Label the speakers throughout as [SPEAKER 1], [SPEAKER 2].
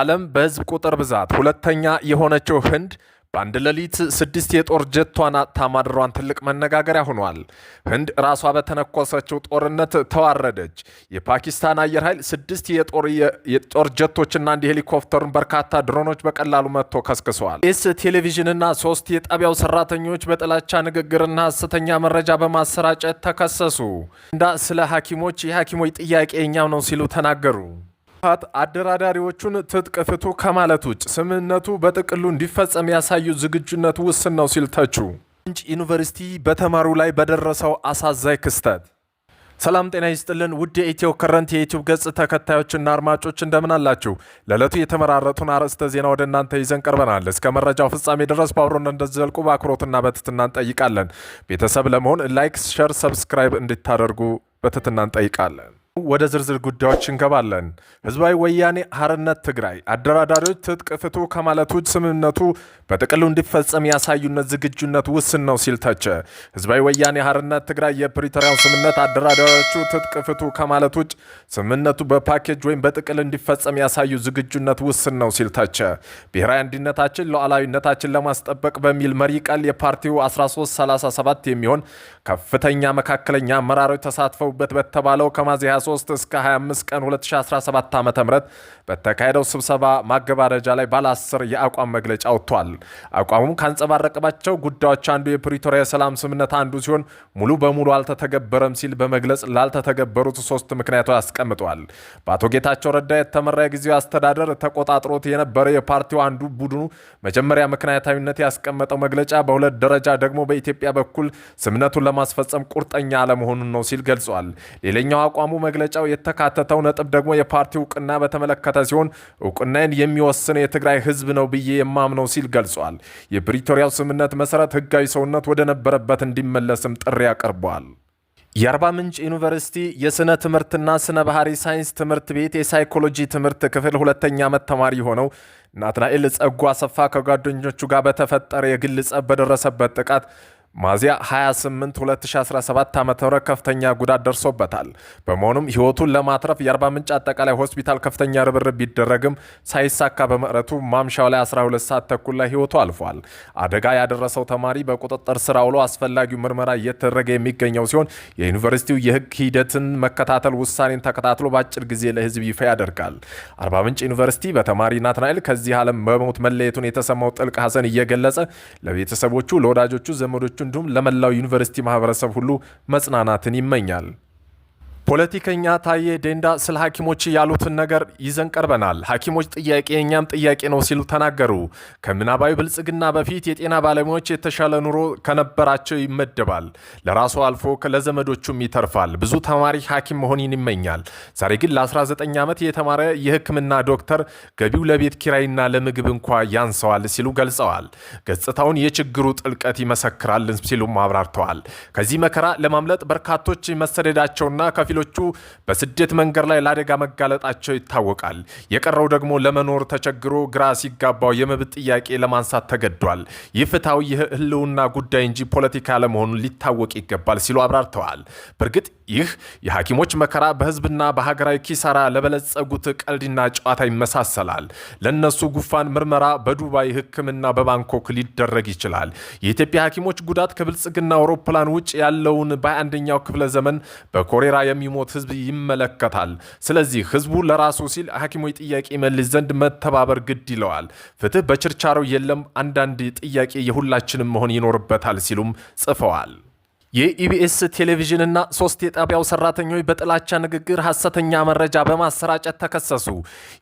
[SPEAKER 1] ዓለም በህዝብ ቁጥር ብዛት ሁለተኛ የሆነችው ህንድ በአንድ ሌሊት ስድስት የጦር ጀቷን አጥታ ትልቅ መነጋገሪያ ሆኗል። ህንድ ራሷ በተነኮሰችው ጦርነት ተዋረደች። የፓኪስታን አየር ኃይል ስድስት የጦር ጀቶችና አንድ ሄሊኮፕተሩን በርካታ ድሮኖች በቀላሉ መጥቶ ከስክሰዋል። ኢስ ቴሌቪዥንና ሶስት የጣቢያው ሰራተኞች በጥላቻ ንግግርና ሀሰተኛ መረጃ በማሰራጨት ተከሰሱ። እንዳ ስለ ሐኪሞች የሐኪሞች ጥያቄ እኛም ነው ሲሉ ተናገሩ። ህወሀት አደራዳሪዎቹን ትጥቅ ፍቱ ከማለት ውጭ ስምምነቱ በጥቅሉ እንዲፈጸም ያሳዩ ዝግጁነት ውስን ነው ሲል ተቹ። ምንጭ ዩኒቨርሲቲ በተማሪው ላይ በደረሰው አሳዛኝ ክስተት ሰላም ጤና ይስጥልን ውድ የኢትዮ ከረንት የዩቲዩብ ገጽ ተከታዮችና አድማጮች እንደምን አላችሁ? ለዕለቱ የተመራረጡን አርዕስተ ዜና ወደ እናንተ ይዘን ቀርበናል። እስከ መረጃው ፍጻሜ ድረስ በአብሮን እንደዘልቁ በአክብሮትና በትትና እንጠይቃለን። ቤተሰብ ለመሆን ላይክ፣ ሸር፣ ሰብስክራይብ እንድታደርጉ በትትና እንጠይቃለን። ወደ ዝርዝር ጉዳዮች እንገባለን። ህዝባዊ ወያኔ ሀርነት ትግራይ አደራዳሪዎች ትጥቅ ፍቱ ከማለት ውጭ ስምምነቱ በጥቅሉ እንዲፈጸም ያሳዩነት ዝግጁነት ውስን ነው ሲል ተቸ። ህዝባዊ ወያኔ ሀርነት ትግራይ የፕሪቶሪያው ስምምነት አደራዳሪዎቹ ትጥቅ ፍቱ ከማለት ውጭ ስምምነቱ በፓኬጅ ወይም በጥቅል እንዲፈጸም ያሳዩ ዝግጁነት ውስን ነው ሲል ተቸ። ብሔራዊ አንድነታችን ሉዓላዊነታችን ለማስጠበቅ በሚል መሪ ቃል የፓርቲው 1337 የሚሆን ከፍተኛ መካከለኛ አመራሮች ተሳትፈውበት በተባለው ከማዚያ 23 እስከ 25 ቀን 2017 ዓ ም በተካሄደው ስብሰባ ማገባደጃ ላይ ባለ አስር የአቋም መግለጫ ወጥቷል። አቋሙም ካንጸባረቀባቸው ጉዳዮች አንዱ የፕሪቶሪያ የሰላም ስምምነት አንዱ ሲሆን ሙሉ በሙሉ አልተተገበረም ሲል በመግለጽ ላልተተገበሩት ሶስት ምክንያቶች አስቀምጧል። በአቶ ጌታቸው ረዳ የተመራ የጊዜው አስተዳደር ተቆጣጥሮት የነበረ የፓርቲው አንዱ ቡድኑ መጀመሪያ ምክንያታዊነት ያስቀመጠው መግለጫ በሁለት ደረጃ ደግሞ በኢትዮጵያ በኩል ስምምነቱን ለማስፈጸም ቁርጠኛ አለመሆኑን ነው ሲል ገልጿል። ሌላኛው አቋሙ መግለጫው የተካተተው ነጥብ ደግሞ የፓርቲ እውቅና በተመለከተ ሲሆን እውቅናን የሚወስን የትግራይ ህዝብ ነው ብዬ የማምነው ሲል ገልጿል። የፕሪቶሪያው ስምምነት መሰረት ህጋዊ ሰውነት ወደ ነበረበት እንዲመለስም ጥሪ አቅርበዋል። የአርባ ምንጭ ዩኒቨርሲቲ የሥነ ትምህርትና ስነ ባህሪ ሳይንስ ትምህርት ቤት የሳይኮሎጂ ትምህርት ክፍል ሁለተኛ ዓመት ተማሪ የሆነው ናትናኤል ጸጉ አሰፋ ከጓደኞቹ ጋር በተፈጠረ የግል ጸብ በደረሰበት ጥቃት ሚያዝያ 28 2017 ዓ ም ከፍተኛ ጉዳት ደርሶበታል። በመሆኑም ህይወቱን ለማትረፍ የአርባ ምንጭ አጠቃላይ ሆስፒታል ከፍተኛ ርብርብ ቢደረግም ሳይሳካ በመቅረቱ ማምሻው ላይ 12 ሰዓት ተኩል ላይ ህይወቱ አልፏል። አደጋ ያደረሰው ተማሪ በቁጥጥር ስር አውሎ አስፈላጊው ምርመራ እየተደረገ የሚገኘው ሲሆን የዩኒቨርሲቲው የህግ ሂደትን መከታተል ውሳኔን ተከታትሎ በአጭር ጊዜ ለህዝብ ይፋ ያደርጋል። አርባ ምንጭ ዩኒቨርሲቲ በተማሪ ናትናኤል ከዚህ ዓለም በሞት መለየቱን የተሰማው ጥልቅ ሀሰን እየገለጸ ለቤተሰቦቹ፣ ለወዳጆቹ፣ ዘመዶቹ እንዲሁም ለመላው ዩኒቨርሲቲ ማህበረሰብ ሁሉ መጽናናትን ይመኛል። ፖለቲከኛ ታዬ ደንዳ ስለ ሐኪሞች ያሉትን ነገር ይዘን ቀርበናል። ሐኪሞች ጥያቄ የእኛም ጥያቄ ነው ሲሉ ተናገሩ። ከምናባዊ ብልጽግና በፊት የጤና ባለሙያዎች የተሻለ ኑሮ ከነበራቸው ይመደባል፣ ለራሱ አልፎ ለዘመዶቹም ይተርፋል። ብዙ ተማሪ ሐኪም መሆንን ይመኛል። ዛሬ ግን ለ19 ዓመት የተማረ የሕክምና ዶክተር ገቢው ለቤት ኪራይና ለምግብ እንኳ ያንሰዋል ሲሉ ገልጸዋል። ገጽታውን የችግሩ ጥልቀት ይመሰክራል ሲሉም አብራርተዋል። ከዚህ መከራ ለማምለጥ በርካቶች መሰደዳቸውና ከፊሎ ሌሎቹ በስደት መንገድ ላይ ለአደጋ መጋለጣቸው ይታወቃል። የቀረው ደግሞ ለመኖር ተቸግሮ ግራ ሲጋባው የመብት ጥያቄ ለማንሳት ተገዷል። ይህ ፍትሐዊ የህልውና ጉዳይ እንጂ ፖለቲካ ለመሆኑን ሊታወቅ ይገባል ሲሉ አብራርተዋል። በእርግጥ ይህ የሐኪሞች መከራ በህዝብና በሀገራዊ ኪሳራ ለበለጸጉት ቀልድና ጨዋታ ይመሳሰላል። ለእነሱ ጉፋን ምርመራ በዱባይ ሕክምና በባንኮክ ሊደረግ ይችላል። የኢትዮጵያ ሐኪሞች ጉዳት ከብልጽግና አውሮፕላን ውጭ ያለውን በአንደኛው ክፍለ ዘመን በኮሌራ የሚ የሚሞት ህዝብ ይመለከታል። ስለዚህ ህዝቡ ለራሱ ሲል ሐኪሞች ጥያቄ መልስ ዘንድ መተባበር ግድ ይለዋል። ፍትህ በችርቻሮ የለም። አንዳንድ ጥያቄ የሁላችንም መሆን ይኖርበታል ሲሉም ጽፈዋል። የኢቢኤስ ቴሌቪዥንና ሶስት የጣቢያው ሰራተኞች በጥላቻ ንግግር፣ ሐሰተኛ መረጃ በማሰራጨት ተከሰሱ።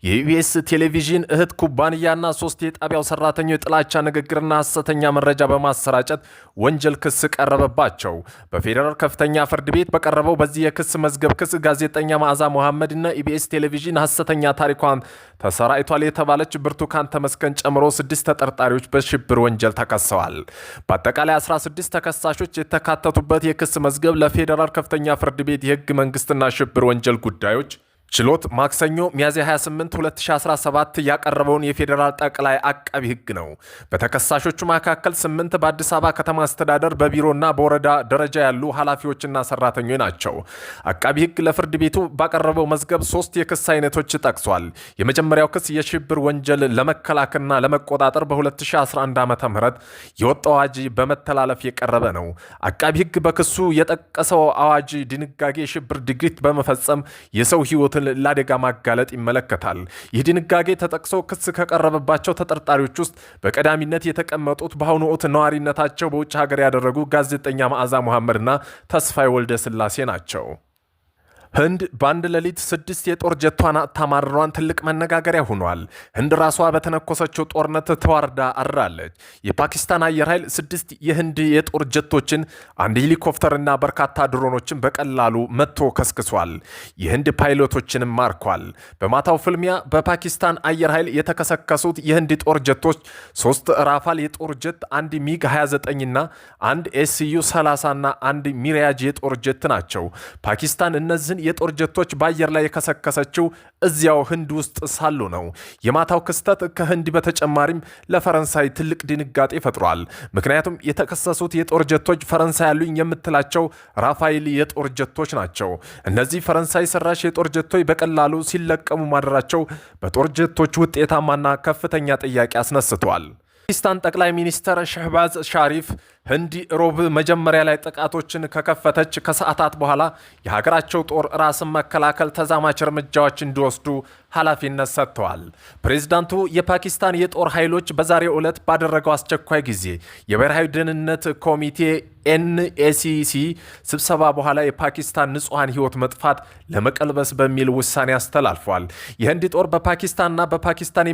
[SPEAKER 1] የኢቢኤስ ቴሌቪዥን እህት ኩባንያና ሶስት የጣቢያው ሰራተኞች የጥላቻ ንግግርና ሐሰተኛ መረጃ በማሰራጨት ወንጀል ክስ ቀረበባቸው። በፌዴራል ከፍተኛ ፍርድ ቤት በቀረበው በዚህ የክስ መዝገብ ክስ ጋዜጠኛ መዓዛ መሐመድ እና ኢቢኤስ ቴሌቪዥን ሐሰተኛ ታሪኳን ተሰራይቷል የተባለች ብርቱካን ተመስገን ጨምሮ ስድስት ተጠርጣሪዎች በሽብር ወንጀል ተከሰዋል። በአጠቃላይ 16 ተከሳሾች የተካተቱ በተካተቱበት የክስ መዝገብ ለፌዴራል ከፍተኛ ፍርድ ቤት የህግ መንግስትና ሽብር ወንጀል ጉዳዮች ችሎት ማክሰኞ ሚያዝያ 28 2017 ያቀረበውን የፌዴራል ጠቅላይ አቃቢ ሕግ ነው። በተከሳሾቹ መካከል ስምንት በአዲስ አበባ ከተማ አስተዳደር በቢሮና በወረዳ ደረጃ ያሉ ኃላፊዎችና ሰራተኞች ናቸው። አቃቢ ሕግ ለፍርድ ቤቱ ባቀረበው መዝገብ ሶስት የክስ አይነቶች ጠቅሷል። የመጀመሪያው ክስ የሽብር ወንጀል ለመከላከልና ለመቆጣጠር በ2011 ም የወጣ አዋጅ በመተላለፍ የቀረበ ነው። አቃቢ ሕግ በክሱ የጠቀሰው አዋጅ ድንጋጌ የሽብር ድርጊት በመፈጸም የሰው ህይወት ክፍል ለአደጋ ማጋለጥ ይመለከታል። ይህ ድንጋጌ ተጠቅሶ ክስ ከቀረበባቸው ተጠርጣሪዎች ውስጥ በቀዳሚነት የተቀመጡት በአሁኑ ወቅት ነዋሪነታቸው በውጭ ሀገር ያደረጉ ጋዜጠኛ መዓዛ መሐመድና ተስፋይ ወልደ ስላሴ ናቸው። ህንድ በአንድ ሌሊት ስድስት የጦር ጀቷን ታማርሯን ትልቅ መነጋገሪያ ሆኗል። ህንድ ራሷ በተነኮሰችው ጦርነት ተዋርዳ አድራለች። የፓኪስታን አየር ኃይል ስድስት የህንድ የጦር ጀቶችን፣ አንድ ሄሊኮፕተርና በርካታ ድሮኖችን በቀላሉ መቶ ከስክሷል። የህንድ ፓይሎቶችንም ማርኳል። በማታው ፍልሚያ በፓኪስታን አየር ኃይል የተከሰከሱት የህንድ ጦር ጀቶች ሶስት ራፋል የጦር ጀት፣ አንድ ሚግ 29ና አንድ ኤስዩ 30ና አንድ ሚሪያጅ የጦር ጀት ናቸው። ፓኪስታን እነዚህን የጦር ጀቶች በአየር ላይ የከሰከሰችው እዚያው ህንድ ውስጥ ሳሉ ነው። የማታው ክስተት ከህንድ በተጨማሪም ለፈረንሳይ ትልቅ ድንጋጤ ፈጥሯል። ምክንያቱም የተከሰሱት የጦር ጀቶች ፈረንሳይ ያሉኝ የምትላቸው ራፋይል የጦር ጀቶች ናቸው። እነዚህ ፈረንሳይ ሰራሽ የጦር ጀቶች በቀላሉ ሲለቀሙ ማደራቸው በጦር ጀቶች ውጤታማና ከፍተኛ ጥያቄ አስነስቷል። ፓኪስታን ጠቅላይ ሚኒስትር ሸህባዝ ሻሪፍ ህንድ ሮብ መጀመሪያ ላይ ጥቃቶችን ከከፈተች ከሰዓታት በኋላ የሀገራቸው ጦር ራስን መከላከል ተዛማች እርምጃዎች እንዲወስዱ ኃላፊነት ሰጥተዋል። ፕሬዚዳንቱ የፓኪስታን የጦር ኃይሎች በዛሬው ዕለት ባደረገው አስቸኳይ ጊዜ የብሔራዊ ደህንነት ኮሚቴ ኤንኤሲሲ ስብሰባ በኋላ የፓኪስታን ንጹሐን ሕይወት መጥፋት ለመቀልበስ በሚል ውሳኔ አስተላልፏል። የህንድ ጦር በፓኪስታንና በፓኪስታን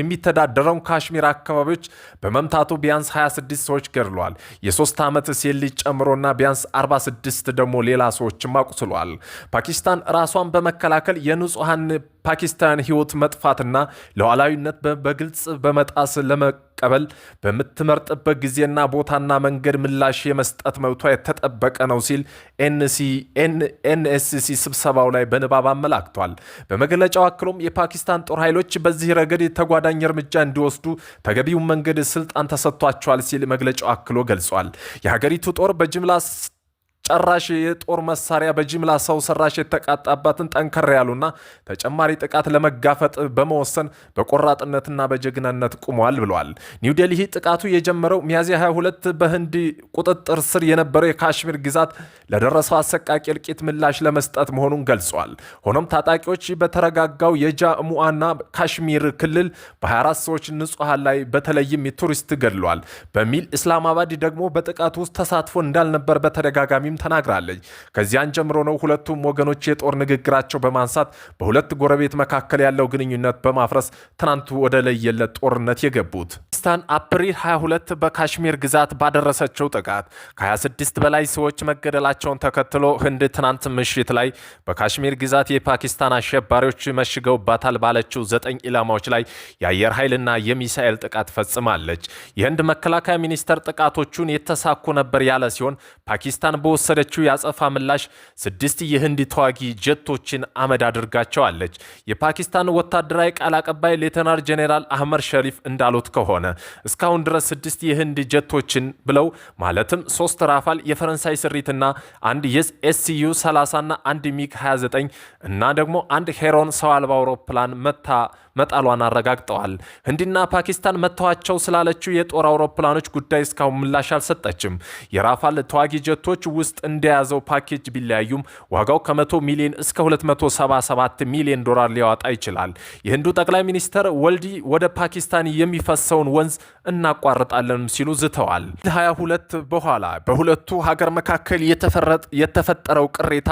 [SPEAKER 1] የሚተዳደረውን ካሽሚር አካባቢዎች በመምታቱ ቢያንስ 26 ሰዎች ገድሏል። የሶስት ዓመት ሴት ልጅ ጨምሮና ቢያንስ 46 ደግሞ ሌላ ሰዎችም አቁስሏል። ፓኪስታን ራሷን በመከላከል የንጹሐን ፓኪስታን ህይወት መጥፋትና ሉዓላዊነት በግልጽ በመጣስ ለመቀበል በምትመርጥበት ጊዜና ቦታና መንገድ ምላሽ የመስጠት መብቷ የተጠበቀ ነው ሲል ኤንኤስሲ ስብሰባው ላይ በንባብ አመላክቷል። በመግለጫው አክሎም የፓኪስታን ጦር ኃይሎች በዚህ ረገድ ተጓዳኝ እርምጃ እንዲወስዱ ተገቢውን መንገድ ስልጣን ተሰጥቷቸዋል ሲል መግለጫው አክሎ ገልጿል። የሀገሪቱ ጦር በጅምላ ጨራሽ የጦር መሳሪያ በጅምላ ሰው ሰራሽ የተቃጣባትን ጠንከር ያሉና ተጨማሪ ጥቃት ለመጋፈጥ በመወሰን በቆራጥነትና በጀግናነት ቁመዋል ብለዋል። ኒው ዴልሂ ጥቃቱ የጀመረው ሚያዝያ 22 በህንድ ቁጥጥር ስር የነበረው የካሽሚር ግዛት ለደረሰው አሰቃቂ እልቂት ምላሽ ለመስጠት መሆኑን ገልጿል። ሆኖም ታጣቂዎች በተረጋጋው የጃሙዋና ካሽሚር ክልል በ24 ሰዎች ንጹሐን ላይ በተለይም ቱሪስት ገድሏል በሚል ኢስላማባድ ደግሞ በጥቃቱ ውስጥ ተሳትፎ እንዳልነበር በተደጋጋሚ በተጨማሪም ተናግራለች። ከዚያን ጀምሮ ነው ሁለቱም ወገኖች የጦር ንግግራቸው በማንሳት በሁለት ጎረቤት መካከል ያለው ግንኙነት በማፍረስ ትናንቱ ወደ ለየለት ጦርነት የገቡት። ፓኪስታን አፕሪል 22 በካሽሚር ግዛት ባደረሰችው ጥቃት ከ26 በላይ ሰዎች መገደላቸውን ተከትሎ ህንድ ትናንት ምሽት ላይ በካሽሚር ግዛት የፓኪስታን አሸባሪዎች መሽገውባታል ባለችው ዘጠኝ ኢላማዎች ላይ የአየር ኃይልና የሚሳኤል ጥቃት ፈጽማለች። የህንድ መከላከያ ሚኒስቴር ጥቃቶቹን የተሳኩ ነበር ያለ ሲሆን ፓኪስታን በወሰደችው የአጸፋ ምላሽ ስድስት የህንድ ተዋጊ ጀቶችን አመድ አድርጋቸዋለች። የፓኪስታን ወታደራዊ ቃል አቀባይ ሌተናር ጄኔራል አህመድ ሸሪፍ እንዳሉት ከሆነ እስካሁን ድረስ ስድስት የህንድ ጀቶችን ብለው ማለትም ሶስት ራፋል የፈረንሳይ ስሪትና አንድ ኤስሲዩ 30ና አንድ ሚግ 29 እና ደግሞ አንድ ሄሮን ሰው አልባ አውሮፕላን መታ መጣሏን አረጋግጠዋል። ህንድና ፓኪስታን መተዋቸው ስላለችው የጦር አውሮፕላኖች ጉዳይ እስካሁን ምላሽ አልሰጠችም። የራፋል ተዋጊ ጀቶች ውስጥ እንደያዘው ፓኬጅ ቢለያዩም ዋጋው ከ100 ሚሊዮን እስከ 277 ሚሊዮን ዶላር ሊያወጣ ይችላል። የህንዱ ጠቅላይ ሚኒስተር ወልዲ ወደ ፓኪስታን የሚፈሰውን ወንዝ እናቋርጣለንም ሲሉ ዝተዋል። 22 በኋላ በሁለቱ ሀገር መካከል የተፈጠረው ቅሬታ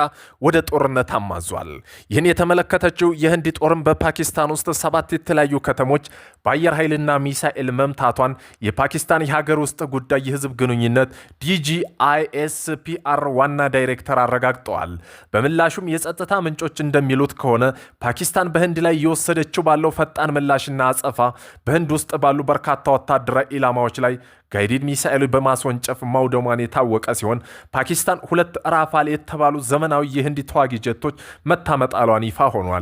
[SPEAKER 1] ወደ ጦርነት አማዟል። ይህን የተመለከተችው የህንድ ጦርም በፓኪስታን ውስጥ በ የተለያዩ ከተሞች በአየር ኃይልና ሚሳኤል መምታቷን የፓኪስታን የሀገር ውስጥ ጉዳይ የህዝብ ግንኙነት ዲጂአይኤስፒአር ዋና ዳይሬክተር አረጋግጠዋል። በምላሹም የጸጥታ ምንጮች እንደሚሉት ከሆነ ፓኪስታን በህንድ ላይ እየወሰደችው ባለው ፈጣን ምላሽና አጸፋ በህንድ ውስጥ ባሉ በርካታ ወታደራዊ ኢላማዎች ላይ ጋይዲድ ሚሳኤሎች በማስወንጨፍ ማውደሟን የታወቀ ሲሆን ፓኪስታን ሁለት ራፋል የተባሉ ዘመናዊ የህንድ ተዋጊ ጀቶች መታመጣሏን ይፋ ሆኗል።